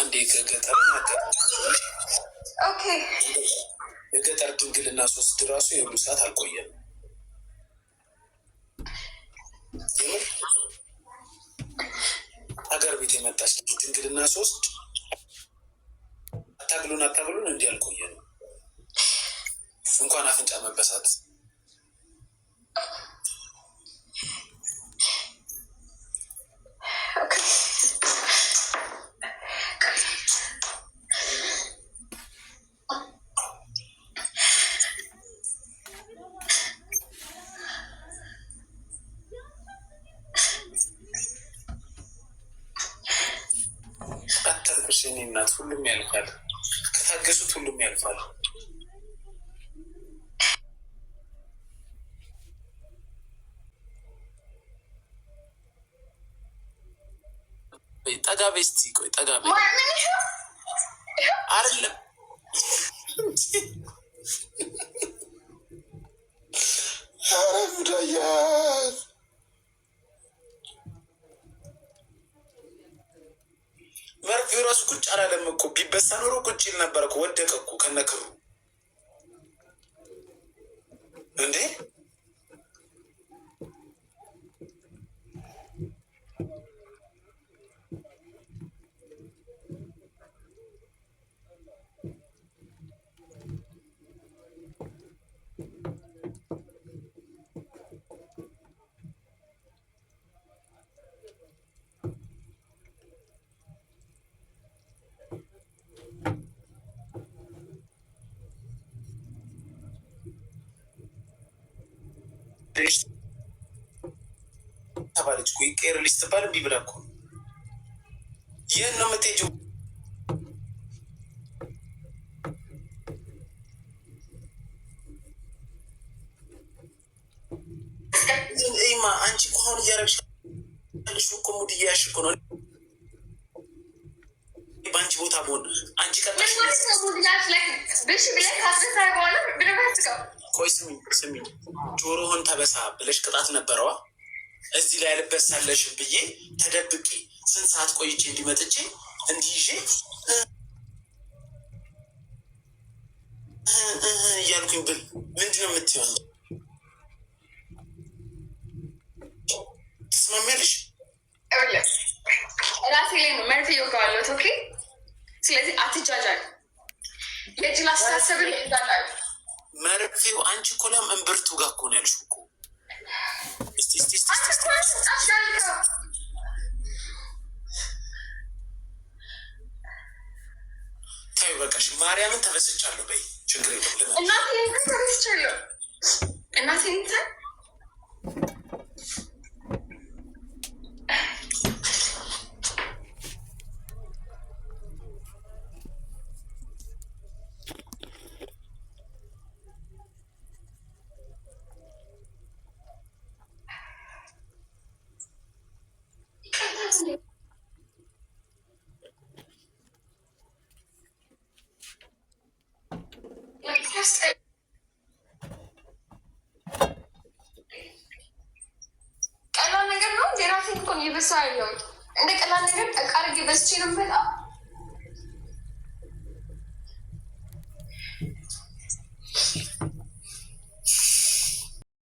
አንድ የገጠር የገጠር ድንግልና ሶስት ራሱ የሁሉ ሰዓት አልቆየም። ሀገር ቤት የመጣች ድንግልና ሶስት አታግሉን አታግሉን እንዲህ አልቆየም። እንኳን አፍንጫ መበሳት ታገሽ የእኔ እናት፣ ሁሉም ያልፋል። ከታገሱት ሁሉም ያልፋል። ጠጋ በይ እስኪ፣ ቆይ ጠጋ በይ አይደለም ኧረ ጉዳያ ቁጭ አላለም እኮ ቢበሳ ኖሮ ቁጭ ይል ነበር እኮ። ወደቀ እኮ ከነክሩ ተባለች እኮ ይቀየር ልጅ ስትባል እምቢ ብላ እኮ ይህን ነው የምትሄጂው። ይማ አንቺ እኮ አሁን እያረግሽ እኮ ሙድ እያያሽ እኮ ነው። በአንቺ ቦታ መሆን አንቺ ቀጣሽ ቆይ ስሚ ስሚ፣ ጆሮህን ተበሳ ብለሽ ቅጣት ነበረዋ። እዚህ ላይ ልበሳለሽ ብዬ ተደብቄ ስንት ሰዓት ቆይቼ እንዲመጥቼ እንዲህ እያልኩኝ ብል ምንድን ነው የምትሆን? ትስማሚያለሽ? ራሴ ላይ ነው መርፌ እየወጋዋለሁ። ኦኬ። ስለዚህ አትጃጃል። የጅል አስተሳሰብን ይዛላሉ መርፌው አንቺ እኮ ላም እምብርቱ ጋር እኮ ነው ያልሽው እኮ ተይው በቃሽ ማርያምን ተበስቻለሁ በይ ችግር የለም እናቴ ተበስቻለሁ እናቴ ቀላል ነገር ነው። የራሴን እንደ ቀላል ነገር ጠቃርጌ በስቼ ነው የምመጣው